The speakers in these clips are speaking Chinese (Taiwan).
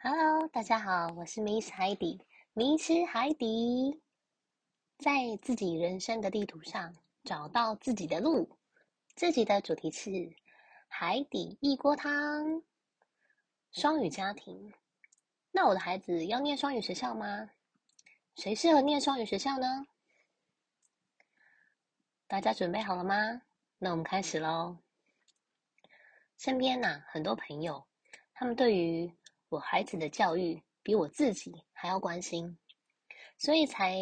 Hello，大家好，我是 Miss 海底。迷失海底，在自己人生的地圖上找到自己的路。自己的主題是海底異國湯，雙語家庭。那我的孩子要念雙語學校嗎？誰適合念雙語學校呢？大家準備好了嗎？那我們開始嘍。身邊啊，很多朋友，他們對於我孩子的教育比我自己還要關心，所以才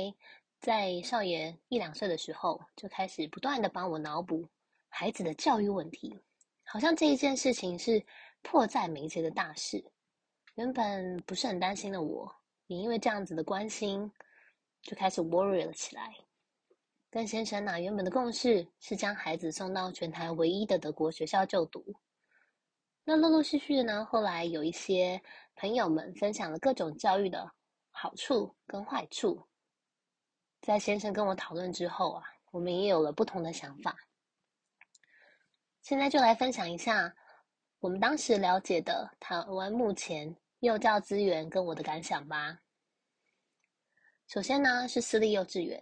在少爺一兩歲的時候就開始不斷的幫我腦補孩子的教育問題，好像這一件事情是迫在眉睫的大事。原本不是很擔心的我，也因為這樣子的關心，就開始 worry 了起來。跟先生呢、啊，原本的共識是將孩子送到全台唯一的德國學校就讀。那陸陸續續的呢，後來有一些朋友們分享了各種教育的好處跟壞處，在先生跟我討論之後啊，我們也有了不同的想法。現在就來分享一下我們當時了解的台灣目前幼教資源跟我的感想吧。首先呢，是私立幼稚園。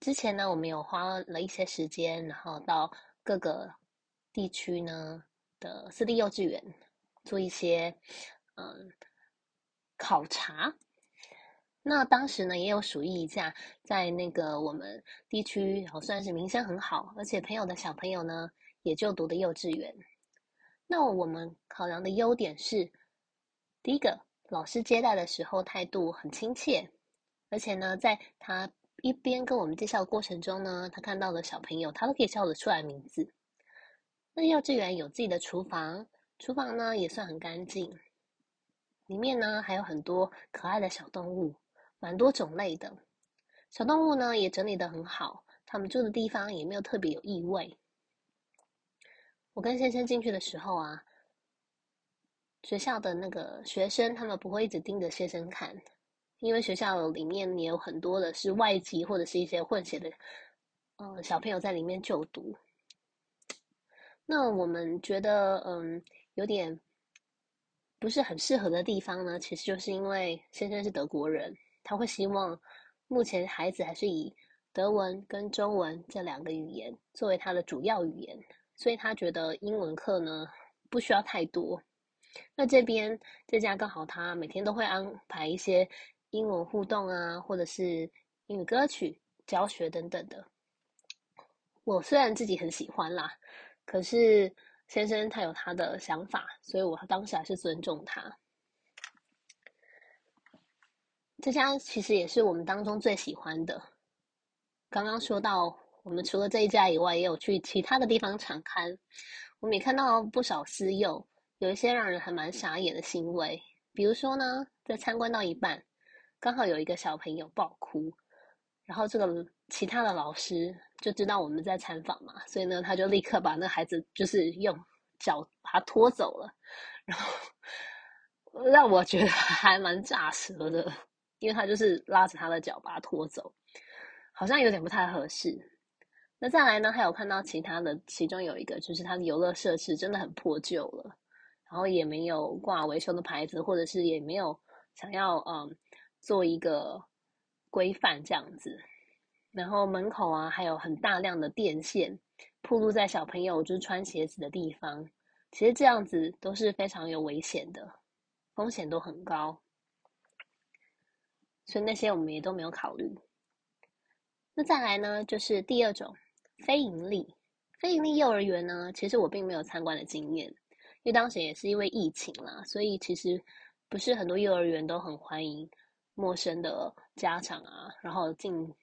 之前呢，我們有花了一些時間，然後到各個地區呢。的私立幼稚園做一些嗯考察，那當時呢也有屬意一家在那個我們地區，然後、哦、算是名聲很好，而且朋友的小朋友呢也就讀的幼稚園。那我們考量的優點是，第一個老師接待的時候態度很親切，而且呢在他一邊跟我們介紹過程中呢，他看到的小朋友他都可以叫得出來名字。那幼稚園有自己的廚房，廚房呢也算很乾淨，裡面呢還有很多可愛的小動物，蠻多種類的。小動物呢也整理得很好，他們住的地方也沒有特別有異味。我跟先生進去的時候啊，學校的那個學生他們不會一直盯着先生看，因為學校裡面也有很多的是外籍或者是一些混血的，嗯，小朋友在裡面就讀。那我們覺得，嗯，有點不是很適合的地方呢，其實就是因為先生是德國人，他會希望目前孩子還是以德文跟中文這兩個語言作為他的主要語言，所以他覺得英文課呢不需要太多。那這邊這家剛好他每天都會安排一些英文互動啊，或者是英語歌曲教學等等的。我雖然自己很喜歡啦。可是先生他有他的想法，所以我當時還是尊重他。這家其實也是我們當中最喜歡的。剛剛說到，我們除了這一家以外，也有去其他的地方參觀，我們也看到不少私幼，有一些讓人還蠻傻眼的行為。比如說呢，在參觀到一半，剛好有一個小朋友爆哭，然後這個其他的老師。就知道我們在參訪嘛，所以呢，他就立刻把那孩子就是用腳把他拖走了，然後讓我覺得還蠻咋舌的，因為他就是拉着他的腳把他拖走，好像有點不太合適。那再來呢，還有看到其他的，其中有一個就是他的遊樂設施真的很破舊了，然後也沒有掛維修的牌子，或者是也沒有想要嗯做一個規範這樣子。然後門口啊，還有很大量的電線暴露在小朋友就是穿鞋子的地方，其實這樣子都是非常有危險的，風險都很高，所以那些我們也都沒有考慮。那再來呢，就是第二種非營利非營利幼兒園呢，其實我並沒有參觀的經驗，因為當時也是因為疫情啦，所以其實不是很多幼兒園都很歡迎陌生的家長啊，然後進。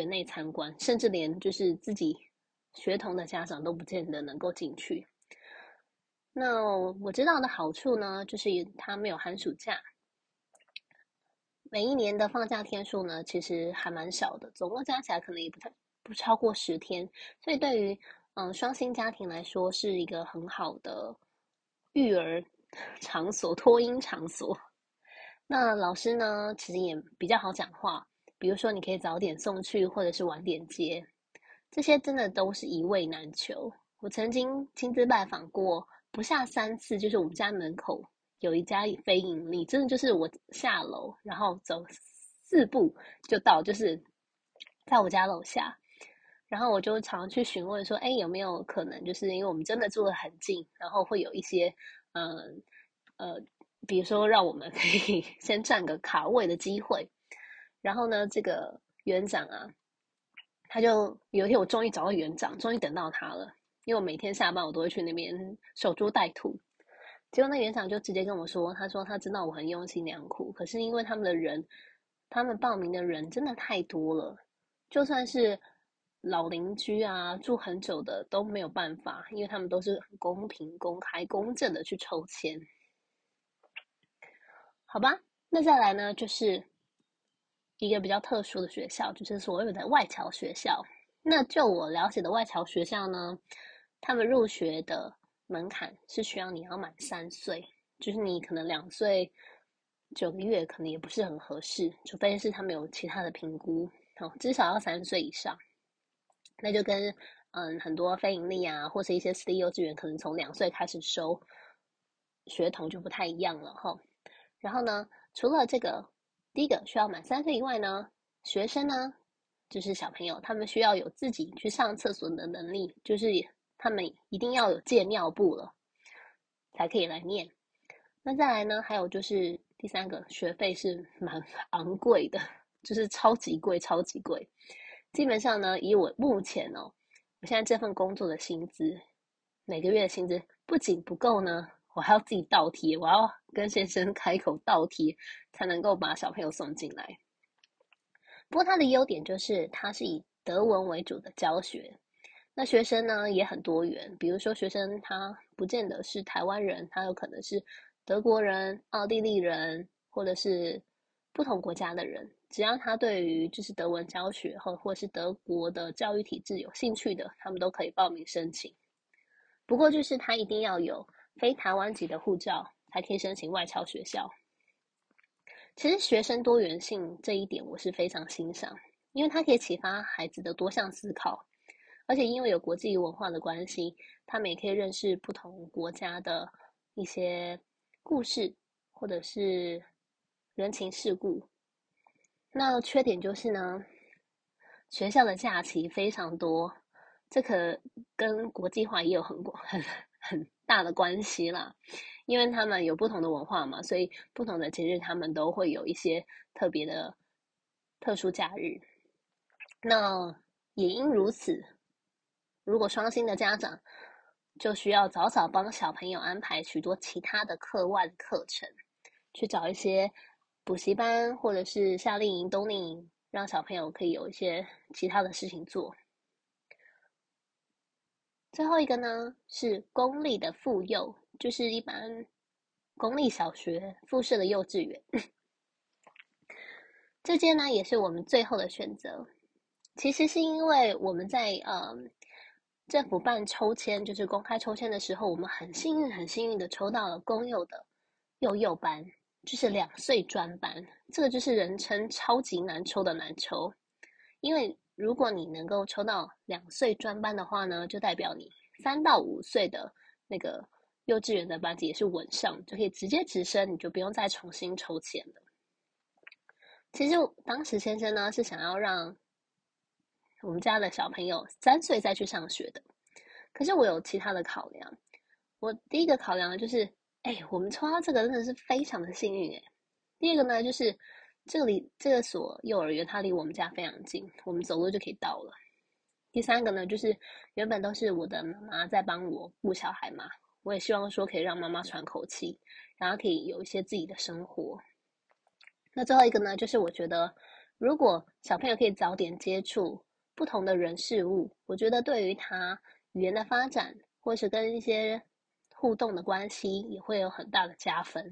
園內參觀，甚至連就是自己學童的家長都不見得能夠進去。那我知道的好處呢，就是也它沒有寒暑假，每一年的放假天數呢，其實還蠻少的，總共加起來可能也不太，不超過十天，所以對於嗯雙薪家庭來說，是一個很好的育兒場所、托嬰場所。那老師呢，其實也比較好講話。比如說，你可以早點送去，或者是晚點接，這些真的都是一位難求。我曾經親自拜訪過不下三次，就是我們家門口有一家非營利，真的就是我下樓然後走四步就到，就是在我家樓下。然後我就常去詢問說：“哎，有沒有可能？就是因為我們真的住的很近，然後會有一些嗯呃，呃，比如說讓我們可以先占個卡位的機會。”然後呢，這個園長啊，他就有一天，我終於找到園長，終於等到他了。因為我每天下班，我都會去那邊守株待兔。結果那園長就直接跟我說：“他說他知道我很用心良苦，可是因為他們的人，他們報名的人真的太多了，就算是老鄰居啊，住很久的都沒有辦法，因為他們都是公平、公開、公正的去抽籤。”好吧，那再來呢，就是。一個比較特殊的學校，就是所謂的外僑學校。那就我了解的外僑學校呢，他們入學的門檻是需要你要滿三歲，就是你可能兩歲九個月可能也不是很合適，除非是他們有其他的評估，好、哦，至少要三歲以上。那就跟嗯很多非盈利啊，或是一些私立幼稚園可能從兩歲開始收學童就不太一樣了哈、哦。然後呢，除了這個。第一個需要滿三歲以外呢，學生呢就是小朋友，他們需要有自己去上廁所的能力，就是他們一定要有戒尿布了，才可以來念。那再來呢，還有就是第三個，學費是蠻昂貴的，就是超級貴，超級貴。基本上呢，以我目前哦、喔，我現在這份工作的薪資，每個月的薪資不僅不夠呢。我還要自己倒貼，我要跟先生開口倒貼才能夠把小朋友送進來。不過他的優點就是他是以德文為主的教學，那學生呢也很多元，比如說學生他不見得是台灣人，他有可能是德國人、奧地利人，或者是不同國家的人，只要他對於就是德文教學或或者是德國的教育體製有興趣的，他們都可以報名申請。不過就是他一定要有。非台灣籍的護照，才可以申請外僑學校。其實學生多元性這一點，我是非常欣賞，因為它可以啟發孩子的多項思考，而且因為有國際文化的關係，他們也可以認識不同國家的一些故事或者是人情世故。那缺點就是呢，學校的假期非常多，這可跟國際化也有很廣。很大的關係啦，因為他們有不同的文化嘛，所以不同的節日他們都會有一些特別的特殊假日。那也因如此，如果雙薪的家長，就需要早早幫小朋友安排許多其他的課外課程，去找一些補習班或者是夏令營、冬令營，讓小朋友可以有一些其他的事情做。最後一個呢是公立的附幼，就是一般公立小學附設的幼稚園。 這間呢也是我們最後的選擇。其實是因為我們在呃政府辦抽籤，就是公開抽籤的時候，我們很幸運，很幸運的抽到了公幼的幼幼班，就是兩歲專班。這個就是人稱超級難抽的難抽，因為。如果你能夠抽到兩歲專班的話呢，就代表你三到五歲的那個幼稚園的班級也是穩上，就可以直接直升，你就不用再重新抽籤了。其實當時先生呢是想要讓我們家的小朋友三歲再去上學的，可是我有其他的考量。我第一個考量就是，哎、欸，我們抽到這個真的是非常的幸運哎、欸。第二個呢就是。這裡這所幼兒園，它離我們家非常近，我們走路就可以到了。第三個呢，就是原本都是我的媽媽在幫我顧小孩嘛，我也希望說可以讓媽媽喘口氣，然後可以有一些自己的生活。那最後一個呢，就是我覺得如果小朋友可以早點接觸不同的人事物，我覺得對於他語言的發展，或是跟一些互動的關係，也會有很大的加分。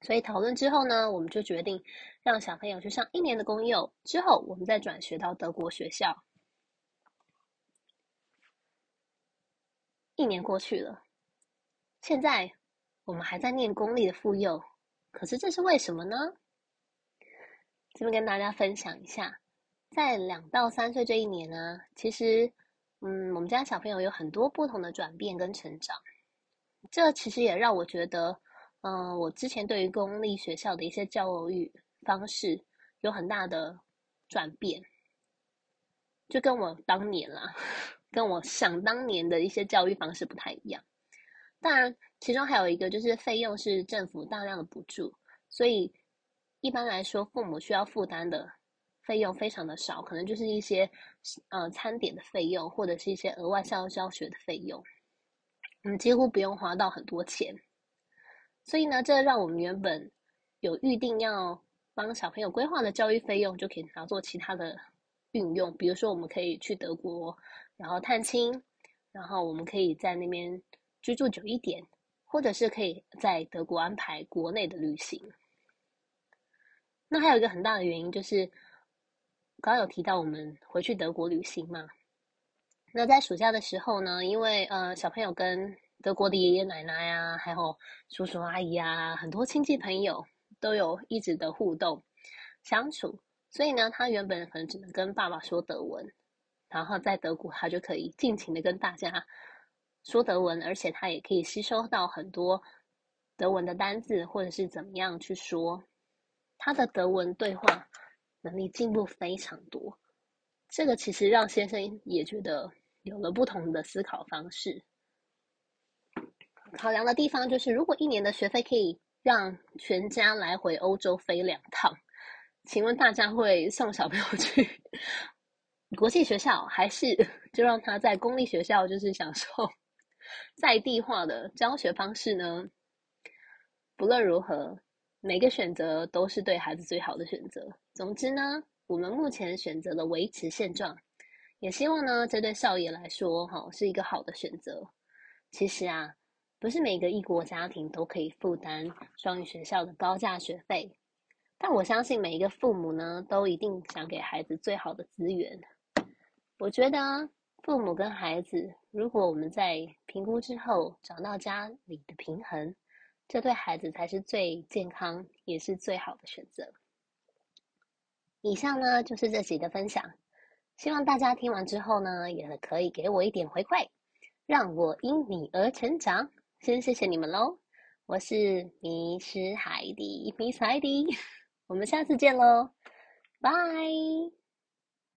所以討論之後呢，我們就決定讓小朋友去上一年的公幼，之後我們再轉學到德國學校。一年過去了，現在我們還在念公立的附幼，可是這是為什麼呢？這邊跟大家分享一下，在兩到三歲這一年呢，其實，嗯，我們家小朋友有很多不同的轉變跟成長，這其實也讓我覺得。嗯、呃，我之前對於公立學校的一些教育方式有很大的轉變，就跟我當年啦，跟我想當年的一些教育方式不太一樣。當然，其中還有一個就是費用是政府大量的補助，所以一般來說，父母需要負擔的費用非常的少，可能就是一些嗯、呃、餐點的費用，或者是一些額外校外教學的費用，我幾乎不用花到很多錢。所以呢，這讓我們原本有預定要幫小朋友規劃的教育費用，就可以拿做其他的運用。比如說，我們可以去德國，然後探親，然後我們可以在那邊居住久一點，或者是可以在德國安排國內的旅行。那還有一個很大的原因就是，剛剛有提到我們回去德國旅行嘛，那在暑假的時候呢，因為呃，小朋友跟德國的爺爺奶奶呀、啊，還有叔叔阿姨啊，很多親戚朋友都有一直的互動相處，所以呢，他原本可能只能跟爸爸說德文，然後在德國他就可以盡情的跟大家說德文，而且他也可以吸收到很多德文的單字，或者是怎麼樣去說，他的德文對話能力進步非常多。這個其實讓先生也覺得有了不同的思考方式。考量的地方就是，如果一年的學費可以讓全家來回歐洲飛兩趟，請問大家會送小朋友去國際學校，還是就讓他在公立學校，就是享受在地化的教學方式呢？不論如何，每個選擇都是對孩子最好的選擇。總之呢，我們目前選擇了維持現狀，也希望呢，這對少爺來說哈、哦、是一個好的選擇。其實啊。不是每一個異國家庭都可以負擔雙語學校的高價學費，但我相信每一個父母呢，都一定想給孩子最好的資源。我覺得父母跟孩子，如果我們在評估之後找到家裡的平衡，這對孩子才是最健康也是最好的選擇。以上呢，就是這集的分享，希望大家聽完之後呢，也可以給我一點回饋，讓我因你而成長。先謝謝你們嘍！我是迷失海底，迷失海底，我們下次見嘍，拜拜。